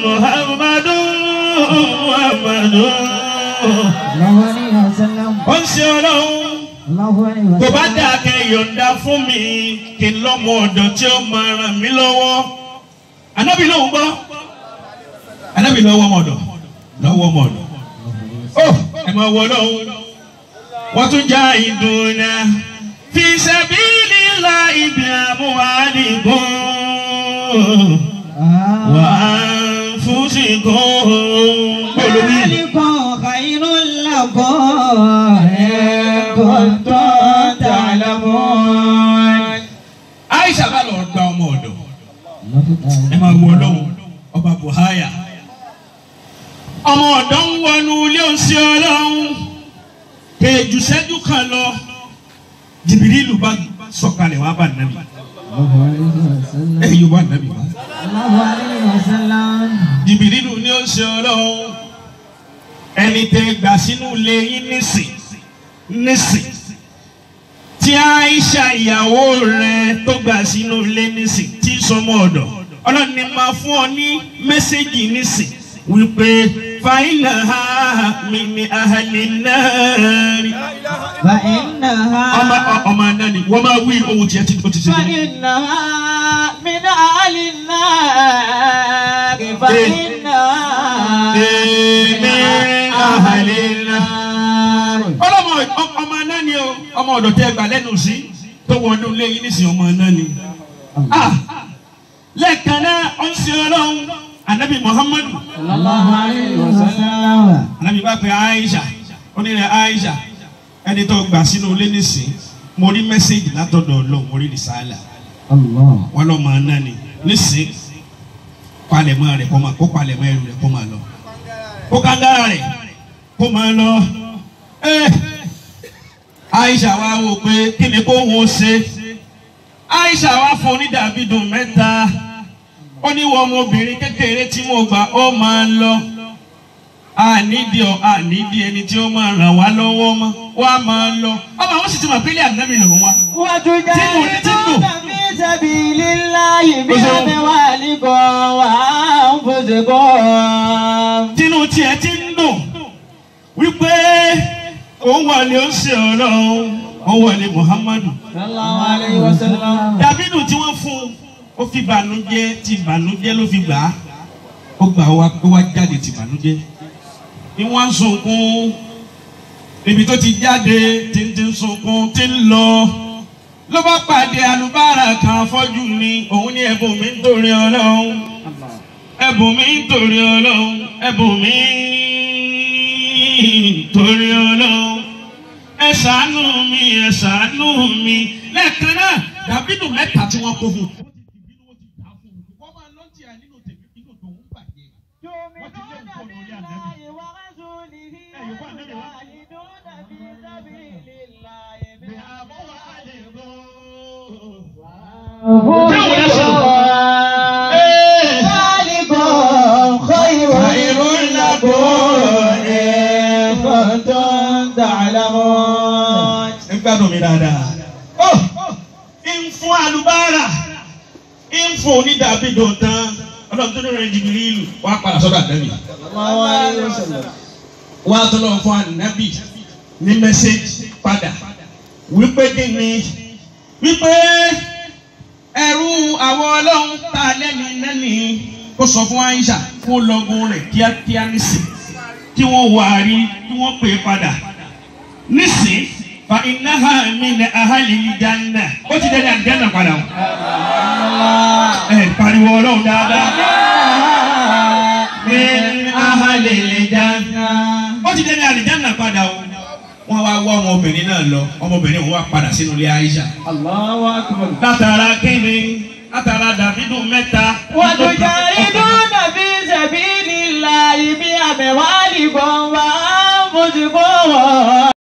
muhammadu muhammadu. ó ń ṣe ọlọ́run kò bá dà kẹ́ yọ̀ǹda fún mi kí n lọ́mọ ọ̀dọ̀ tí ó máa ràn mí lọ́wọ́ anábì lóhùn gbọ́ anábì lọ́wọ́ ọmọ lọ́wọ́ ọmọ ó ẹ máa wọ ọlọ́run wọ́n tún já ìdùnnà fi sẹ́bílì la ibi àmúhàlì gùn wàá. ذلكم خير Aisha bá lọ gba ọmọ ọ̀dọ̀. Buhaya. Ọmọ ọ̀dọ́ ń wọnú ilé òsì ọlọ́run. Kèjù sẹ́jú kan lọ. Jìbìrìlù bá sọ̀kalẹ̀ wá bá nàbì. Ẹ̀yin wá nàbì wá. Jìbìrìlù ni ó ṣe ọlọ́run ẹni tẹ́ gbà sínú ilé yín nísì nísì tí Aisha ìyàwó rẹ̀ tó gbà sínú ilé nísì tí sọmọ ọ̀dọ̀ Ọlọ́run ni máa fún ọ ní mẹ́sẹ́gì nísì wípé fàyínà ha mi ni ahàlì náà rí. fàyínà ha ọmọ ọmọ náà ni máa wí ohun tí ẹ ti ti ṣe. fàyínà ha mi ni ahàlì náà fàyínà ahalina. ọlọ́mọ ọmọ náà ni ọmọ ọ̀dọ̀ tẹ́ gbà lẹ́nu sí tó wọnú lẹ́yìn nísìnyí ọmọ náà ni. Ah. Ah, lẹ́ẹ̀kan náà ó ń sin ọlọ́run anabi muhammadu. sallallahu alayhi anabi bá pe aisha onírẹ̀ aisha ẹni tó gbà sínú ilé nísìn mo rí mẹ́sẹ̀gì látọ̀dọ̀ ọlọ́run mo rí rìsáàlà wọn lọ́ọ́ máa náà ni nísìn palẹ̀mọ́ rẹ̀ kọ́ máa kó palẹ̀mọ́ ẹrù rẹ̀ kọ́ máa lọ kó rẹ̀ kó máa lọ Aisha wa wò pé kí ni kó wọn ṣe Aisha wa fún ní dàbídù mẹ́ta ó ní wọ ọmọbìnrin kékeré tí mo gbà ó máa lọ ànídìí ọ ànídìí ẹni tí ó máa ràn wá lọ́wọ́ mọ́ wá máa lọ ọmọ àwọn sì ti mọ̀ pé ilé ànábì lòun wá. wọ́n tún jẹ́ ẹni tó tàbí tàbí lílá yìí bí abẹ́wà nìkan wà á ń fòṣe kọ́ ọ. òun wà ní oṣù ọlọ́run òun wà ní muhammadu. dàbídù tí wọ́n fún un ó fi bànújẹ́ ti bànújẹ́ ló fi gbà á ó gbà ó wá jáde ti bànújẹ́ ni wọ́n ń sunkún ibi tó ti jáde tí ń sunkún tí ń lọ ló bá pàdé alubára kan afọ́jú ni òun ní ẹ̀bùn mi ń torí ọlọ́run ẹ̀bùn mi ń torí ọlọ́run ẹ̀bùn mi ń torí ọlọ́run ṣàánú mi ẹ ṣàánú mi lẹ́ẹ̀kan náà dàbídù mẹ́ta tí wọ́n kó fún. خير لكم إن كنتم تعلمون gbádùn mi dáadáa ó oh, ń fún alubára ń fún onídàbídò tán ọlọ́run tó ní rẹ̀ jìbìrì ìlú wàá padà sọ́dọ̀ àdẹ́bì. wàá tọ́lọ́ fún ànábì ní mẹ́sẹ̀gì padà wípé kí ni wípé ẹrú àwọn ọlọ́run ta lẹ́nu nẹ́ni kó sọ fún Aisha kó lọ́gùn rẹ̀ kíákíá nísìn kí wọ́n wà á rí kí wọ́n pè é padà nísìn fa ináhà mi ní ahali ìdáná ó ti dẹ́ni àdìdáná padà o. ẹ pariwo ọlọ́run dáadáa. mi ní ahali ìdáná. ó ti dẹ́ni àdìdáná padà o wọ́n wá wọ́ ọmọbìnrin náà lọ ọmọbìnrin òun wá padà sínú ilé Aisha. Allahu Akbar. látara kíni látara dàbídù mẹ́ta. wọ́n tún jẹ́ inú dàbí sẹ̀bí nílà ibi àbẹ̀wálì gbọ̀ngàn mojú bọ̀ wọ̀.